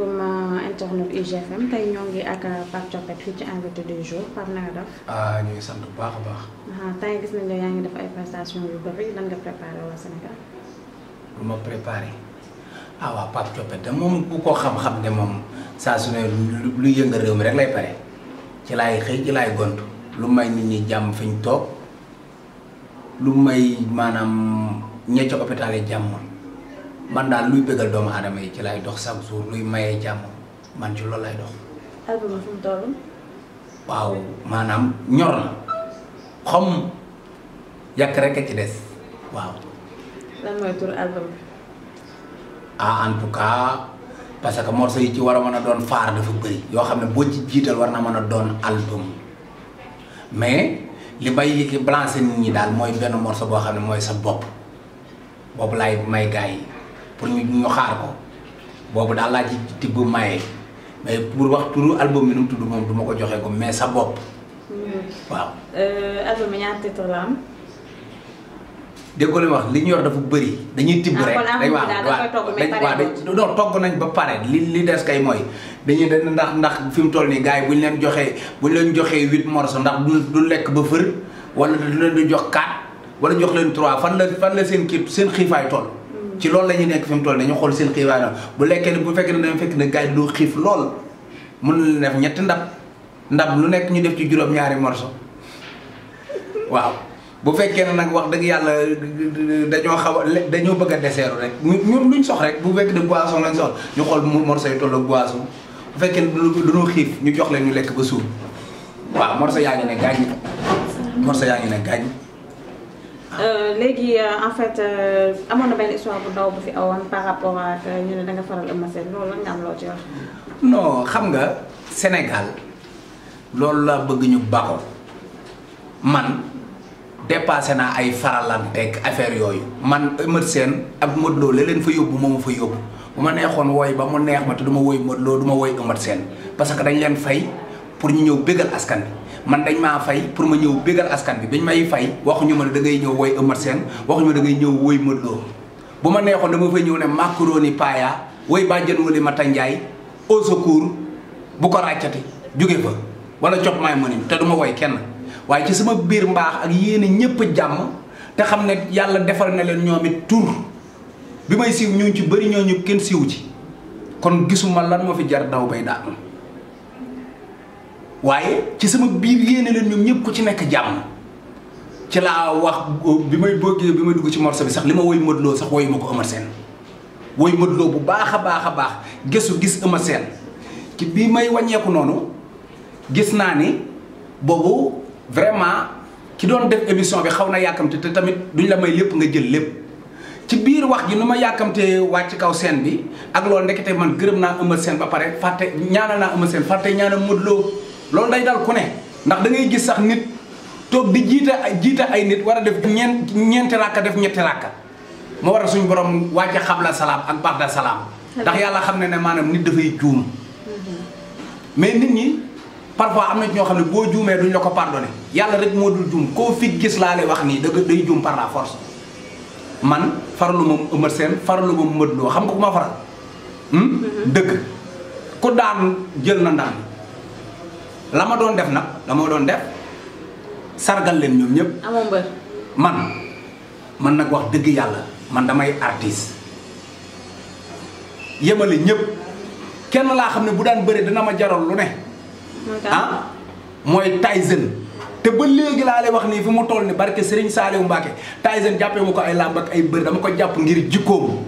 asalaamaaleykum euh, internet UGFM tey ñoo ngi ak euh, Pape Thiopet fii ci invité du jour Pape na nga def. ah ñu ngi sant bu baax a baax. tey gis nañ la yaa ngi def ay prestations yu bëri lan nga préparé waa Sénégal. lu ma préparé ah waaw Pape Thiopet de moom ku ko xam-xam ne moom saa su ne lu yënga réew mi rek lay pare ci laay xëy ci laay gont lu may nit ñi jàmm fi ñu toog lu may maanaam ña ca hôpital yi jàmm. man daal luy bëggal doomu aadama yi ci lay dox chaque jour luy mayee jàmm man ci loolu lay dox. album fu mu toll. waaw maanaam ñor na xom yàq rek a ci des waaw. lan mooy tur album bi. ah en tout cas parce que morceau yi ci war a mën a doon faar dafa bëri. yoo xam ne boo ci jiital war na mën a doon album mais li bay li balancé nit ñi daal mooy benn morceau boo xam ne mooy sa bopp boobu laay may gars yi. pour ñu ñu xaar ko boobu daal laa ci tibb maye mais pour wax turu album bi nu mu tudd moom du ma ko joxe ko mais sa bopp. waaw. Euh, album bi ñaata li wax li ñu yor dafa bëri dañuy tibb ah, rek. dañ waaw waaw non togg nañ ba pare li li des kay mooy dañuy dañ ndax ndax fi mu toll nii gars bu ñu leen joxee bu ñu leen joxee huit morceaux ndax du lekk ba fër wala du leen du jox quatre wala jox leen trois fan la fan la seen kii seen xiifaay toll. ci loolu la ñuy nekk fi mu toll dañu xool seen xiibaar bu lekkee ne bu fekkee ne dañu fekk ne gars yi xiif lool mën na def ñetti ndab ndab lu nekk ñu def ci juróom-ñaari morso waaw bu fekkee ne nag wax dëgg yàlla dañoo xaw a dañoo a deseeru rek ñun luñ sox rek bu fekkee ne boisson lañ sox ñu xool morso yi toll ak boisson bu fekkee ne xiif ñu jox leen ñu lekk ba suur waaw morso yaa ngi ne gaañ morso yaa ngi ne gaañ Euh, léegi euh, en fait euh, amoon na benn histoire bu ndaw bu fi awoon par rapport ak ñu ne da nga faral Eumeu Sène loolu lan nga am loo ci wax. non xam nga Sénégal loolu laa bëgg ñu bako man dépassé naa ay faralanteeg affaire yooyu man Eumeu seen ak Modou Lo la leen fa yóbbu moo ma fa yóbbu bu ma neexoon wooy ba mu neex ma te du ma wooy duma woy du ma wooy parce que dañ leen fay pour ñu ñëw bëggal askan bi man dañ ma fay pour ma ñew bégal askan bi dañ may fay ñu ma da ngay ñew woy Omar Sen waxu ñu da ngay ñew woy Modlo buma bu dama fay ñew ne macaroni paya woy bàjjan wali mata njaay au secours bu ko raccati jugé fa wala cop may moni té duma woy kenn waye ci sama bir mbax ak yéene ñepp jamm té xamné ne défar na leen ñomit tour tur siw ñu ci ñoo ñu kenn siw ci kon gisuma lan mo fi jar daw bay daam waaye ci sama biir yéene leen ñoom ñëpp ku ci nekk jàmm ci laa wax bi may bëggee bi may dugg ci morceau bi sax li ma woy Modou sax woyu ma ko Eumeu seen woy Modou Lo bu baax a baax a baax gëstu gis Eumeu seen ci bi may wàññeeku noonu gis naa ni boobu vraiment ki doon def émission bi xaw na yàkkamte te tamit duñ la may lépp nga jël lépp ci biir wax ji nu ma yàkkamtee wàcc kaw seen bi ak loolu ndekete man gërëm naa Eumeu Sène ba pare fàtte ñaanal na Eumeu Sène fàtte ñaanal Modou loolu day dal ku ne ndax da ngay gis sax nit toog di jiita jiita ay nit war a def ñeent ñeenti rakka def ñetti rakka moo war a suñu borom wàcce xabla salaam ak ba'da salaam. ndax yàlla xam ne ne maanaam nit dafay juum. Mm-hmm. mais nit ñi parfois am na ñoo xam ne boo juumee duñ la ko pardonné yàlla rek moo dul juum koo fi gis laa lay wax nii da day juum par la force. man faralu ma Umar Sène faralu ma Modou Lo xam nga ku ma faral. Hmm? Mm-hmm. dëgg ku daan jël na ndaan. la ma doon def nag la ma doon def sargal leen ñoom ñëpp. amoo mbër man man nag wax dëgg yàlla man damay artiste yëmale ñëpp kenn laa xam ne bu daan bëri dina ma jaral lu ne. ah mooy Tyson te ba léegi laa lay wax nii fi mu tool ni barke Serigne Saliou Mbacke Tyson jàppee ma ko ay làmb ay bëri dama ko jàpp ngir jikkoom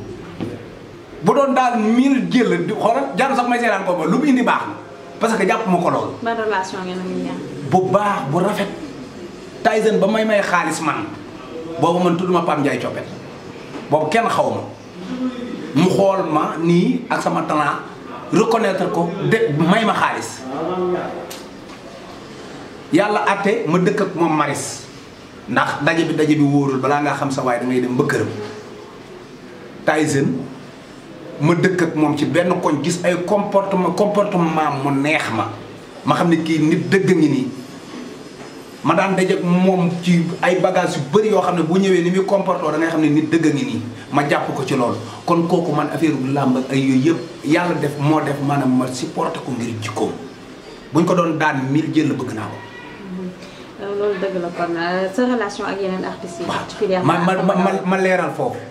bu doon daal miir jël di xoolal jaru sax may seetaan ko ba lu mu indi baax na. parce que jàpp ma ko loolu. ban relation ngeen bu baax bu rafet Tyson ba may may xaalis man boobu man tudduma Pape Ndiaye Coppet boobu kenn xaw ma mu xool ma nii ak sama talent reconnaitre ko de may ma xaalis yàlla àtte ma dëkk ak moom maris ndax daje bi daje bi wóorul balaa ngaa xam sa waay da dem ba këram Tyson ma dekk ak mom ci benn koñ gis ay comportement comportement mu neex ma ma xamni ki nit deug ngi ni ma daan ak mom ci ay bagage yu bëri yo xamni bu ñewé ni mi comporto da ngay xamni nit deug ngi ni ma japp ko ci lool kon koku man affaire bu lamb ak ay yooyu yëpp yàlla def mo def manam ma supporte ko ngir jikkoom buñ ko doon daan mil jël bëgg na ko loolu deug la kon euh, sa relation ak yeneen artiste yi. particulièrement ma ma ma leeral foofu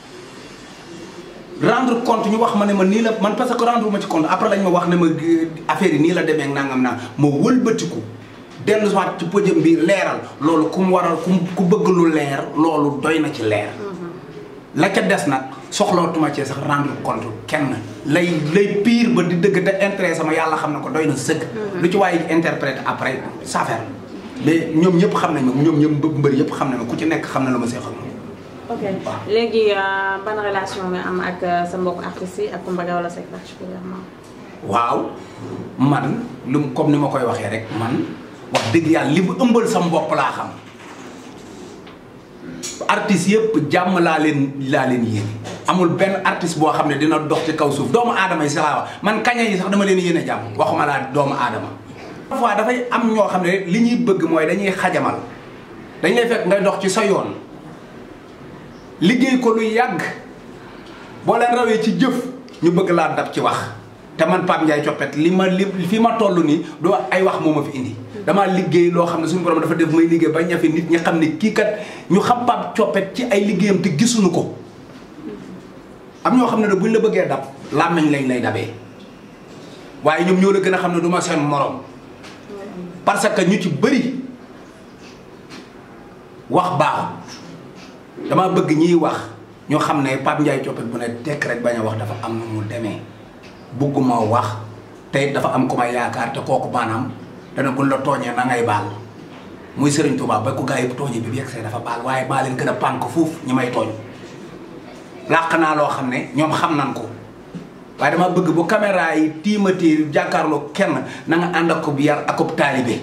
rendre compte ñu wax ma ne ma nii la man parce que rendre ma ci compte après lañ ma wax ne ma affaire nii la demee nangam naa ma wëlbatiku dellu soit ci pëjëm bi leeral loolu ku mu waral ku bëgg lu leer loolu doy na ci leer. Mm-hmm. la ca des nag soxlootuma cee sax rendre compte kenn lay lay pire ba di dëgg te intérêt sama yàlla xam na ko doy na sëgg. Mm-hmm. lu ci waaye interprète après ça fait mais ñoom ñëpp xam nañ ma ñoom ñëpp mbër yëpp xam na ma ku ci nekk xam na la ma see ok léegi euh, ban relation nga am ak euh, sa mbokk artistes yi ak Coumba Gawlo Seck particulièrement waaw man lu mu comme ni ma koy waxee rek man wax dëgg yàlla li mu ëmbal sama bopp laa xam artistes yëpp jàmm laa leen laa leen yéene amul benn artiste boo xam ne dina dox ci kaw suuf doomu aadama yi si laa wax man kaña yi sax dama leen yéene jàmm waxuma laa doomu aadama parfois dafay am ñoo xam ne li ñuy bëgg mooy dañuy xajamal dañ lay fekk ngay dox ci sa yoon liggéey ko lu yàgg boo leen rawee ci jëf ñu bëgg laa dab ci wax te man Pape Ndiaye coppet li ma li fi ma toll nii doo ay wax moo ma fi indi damaa liggéey loo xam ne suñu borom dafa def may liggéey ba ñafe nit ñi xam ne kii kat ñu xam Pape coppet ci ay liggéeyam te gisuñu ko am ñoo xam ne buñ la bëggee dab làmmiñ lañ lay dabee waaye ñoom ñoo la gën a xam ne duma ma seen morom parce que ñu ci bëri wax baaxul dama bëgg ñi wax ño xamné ne ndjay ciopet bu ne tekk rek baña wax dafa am mu démé bëgguma wax tay dafa am kuma ma yaakaar koku manam da na ko la tooñee na ngay baal muy Serigne Touba ba ko gaay yëpp bi bi dafa baal waye maa leen gën a pànk ñi may tooñ làq naa lo xam ne xam nañ ko waye dama bëgg bu caméra yi timati jakarlo kenn na nga and ak yar ak talibé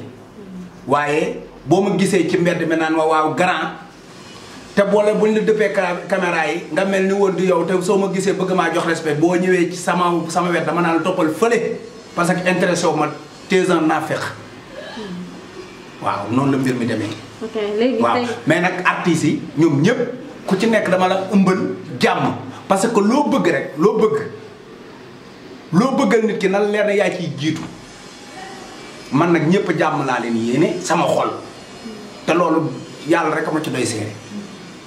waye bo ma gisé ci mbéd mi nan wa waaw grand te boole bu ñu la dëppee caméra yi nga mel ni woon di yow te soo ma gisee bëgg maa jox respect boo ñëwee ci sama sama wet dama naan toppal fële parce que intéressé wu ma teesan naa fex waaw noonu la mbir mi demee. ok waaw mais nag artistes yi ñoom ñëpp ku ci nekk dama la ëmbal jàmm parce que loo bëgg rek loo bëgg loo bëggal nit ki nan leer na yaa ciy jiitu man nag ñëpp jàmm laa leen yéene sama xol te loolu yàlla rek a ma ci doy seere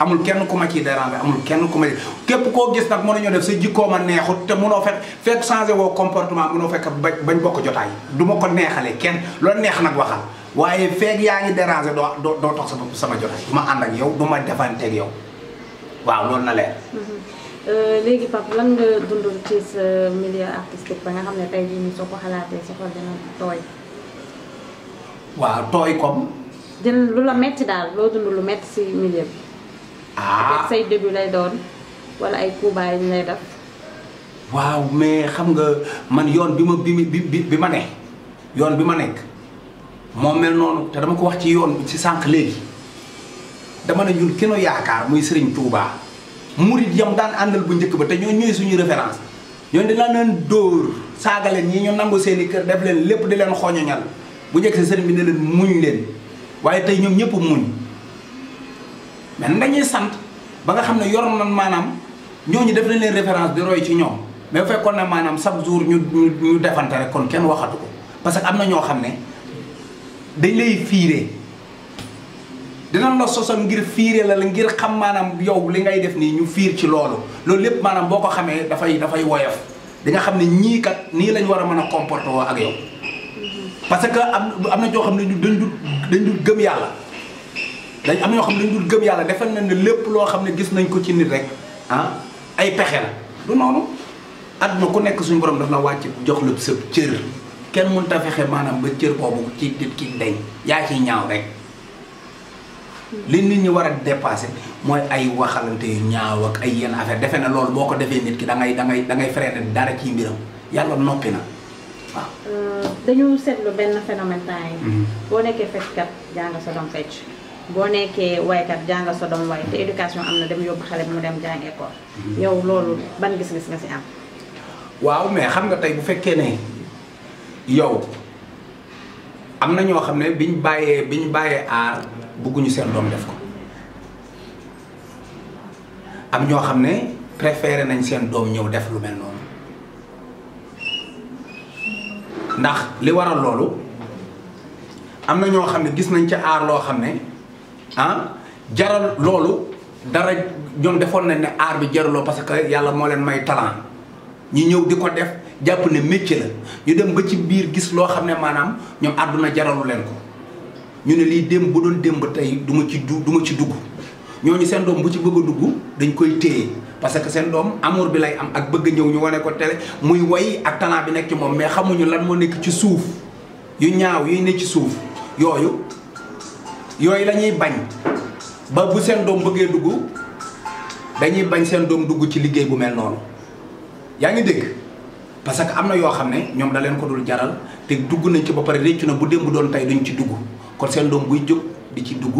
amul kenn ku ma ciy déranger amul kenn ku ma ci képp koo gis nag ñoo def sa jikkoo ma neexut te mënoo fekk fekk changé woo comportement mënoo fekk bañ boo ko jotaay du ma ko neexalee kenn la neex nag waxal waaye feeg yaa ngi déranger doo doo toog sama sama jotaay ma ànd ak yow du ma defanteeg yow waaw loolu na leer. Mhm. Euh, léegi Pape lan nga dundul ci sa milieu artistique ba nga xam ne tey jii nii soo ko xalaatee sa xol dina tooy. waaw tooy comme. lu la metti loo dund lu ak ah. say début lay doon wala ay kuubaay ñu lay def. waaw mais xam nga man yoon bi ma bi bi bi ma ne yoon bi ma nekk moo mel noonu te dama ko wax ci yoon ci sànq léegi dama ne ñun keno yaakaar muy Serigne Touba murid yam daan àndal bu njëkk ba te ñoo ñooy suñu référence ñoon dinaa leen dóor saaga leen ñi ñu nangu seeni kër def leen lépp di leen xooñoñal bu njëkk si sëriñ bi leen muñ leen waaye tey ñoom ñëpp muñ mais nag ñuy sant ba nga xam ne yor man maanaam ñooñu def nañ leen référence di roy ci ñoom mais bu fekkoon ne maanaam chaque jour ñu ñu defante rek kon kenn waxatu ko parce que am na ñoo xam ne dañ lay fiire dinañ la sosal ngir fiire la ngir xam maanaam yow li ngay def nii ñu fiir ci loolu loolu maanaam boo ko xamee dafay dafay woyof di xam ne ñii kat nii lañu war a mën a comporter wo ak yow mm-hmm. parce que am am na ñoo xam ne dañ du dañ du gëm yàlla dañ am ñoo xam ne dañ dul gëm yàlla defal nañ ne lépp loo xam ne gis nañ ko ci nit rek ah ay pexe la du noonu àdduna ku nekk suñu borom daf na wàcc jox lu sa cër kenn mun ta fexe maanaam ba cër boobu ci nit ki ndey yaa ciy ñaaw rek li nit ñi war a dépassé mooy ay waxalante yu ñaaw ak ay yenn affaire defe na loolu boo ko defee nit ki da ngay da ngay da ngay dara ci mbiram yàlla noppi na waaw. Euh, dañu seetlu benn phénomène mhm. boo nekkee fecckat jàng sa doom fecc. boo nekkee waykat jàngal sa doom way te éducation am na dem yóbbu xale bi mu dem jàng école. Mhm. yow loolu ban gis-gis nga si am. waaw mais xam nga tey bu fekkee ne yow am na ñoo xam ne bi bàyyee bi ñu bàyyee aar bugguñu seen doom ko am ñoo xam ne préféré nañ seen doom ñëw def lu mel noonu ndax li waral loolu am na ñoo xam ne gis nañ ca aar loo xam ne. ah jaral loolu dara ñoom defoon nañ ne aar bi jaruloo parce que yàlla moo leen may talent ñu ñëw di ko def jàpp ne métier la ñu dem ba ci biir gis loo xam ne maanaam ñoom àdduna jaralu leen ko ñu ne lii démb bu doon démb tey du ma ci du du ma ci dugg ñooñu seen doom bu ci bëgg a dugg dañ koy téye parce que seen doom amour bi lay am ak bëgg ñëw ñu wane ko télé muy woy ak talent bi nekk ci moom mais xamuñu lan moo nekk ci suuf yu ñaaw yuy ne ci suuf yooyu yooyu la bañ ba bu seen doom bëggee dugg dañuy bañ seen doom dugg ci liggéey bu mel noonu yaa ngi dégg parce que am na yoo xam ne ñoom da leen ko dul jaral te dugg nañ ci ba pare réccu na bu démb doon tey duñ ci dugg kon seen doom buy jóg di ci dugg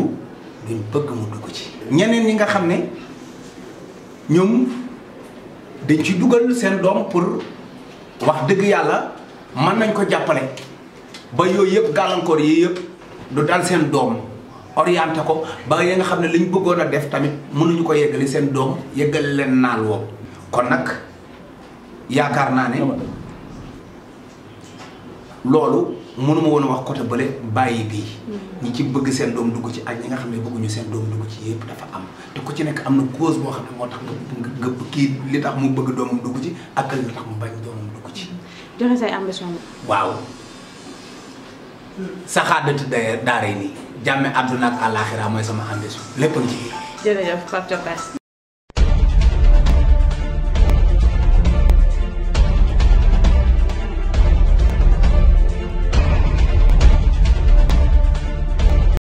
bëgg mu dugg ci. ñeneen ñi nga xam ne ñoom dañ ci dugal seen doom pour wax dëgg yàlla mën nañ ko jàppale ba yooyu yëpp gàllankoor yi yëpp du dal seen doom. orienté ko ba ya nga xam ne liñ bëggoon a def tamit mënuñu ko yeggali seen doom yeggal leen naal woowu kon nag yaakaar naa ne loolu mënuma woon wax côté bële bàyyi bii ñi ci bëgg seen doom dugg ci ak ñi nga xam ne bëgguñu seen doom dugg ci yëpp dafa am ku ci am na cause boo xam ne moo tax nga kii li tax mu bëgg doomam dugg ci ak li tax mu bañ doomam dugg ci. joxe say ambition waaw saxaadatu daara yi nii. jàmme àdduna ak àllaaxira mooy sama ambition lépp ngi ci. jërëjëf Pape Thiapass